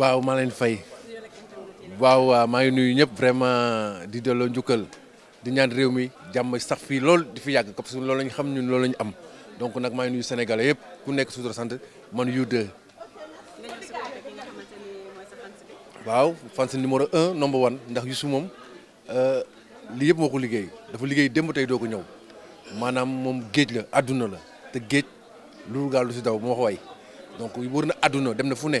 waaw maa leen fay waaw waaw maa ngi nuyu ñëpp vraiment di delloo njukkal di ñaan réew mi jàmm sax fii lool di fi yàgg parce que loolu lañu xam ñun loolu lañu am donc nag maa ngi nuyu Sénégalais yëpp ku nekk sutura sant man U2. waaw fans numéro un number one ndax su moom euh, li yëpp moo ko liggéey dafa liggéey démb tey doo ko ñëw maanaam moom géej la àdduna la te géej lu gaal lu si daw moo ko way donc wër na àdduna dem na fu ne.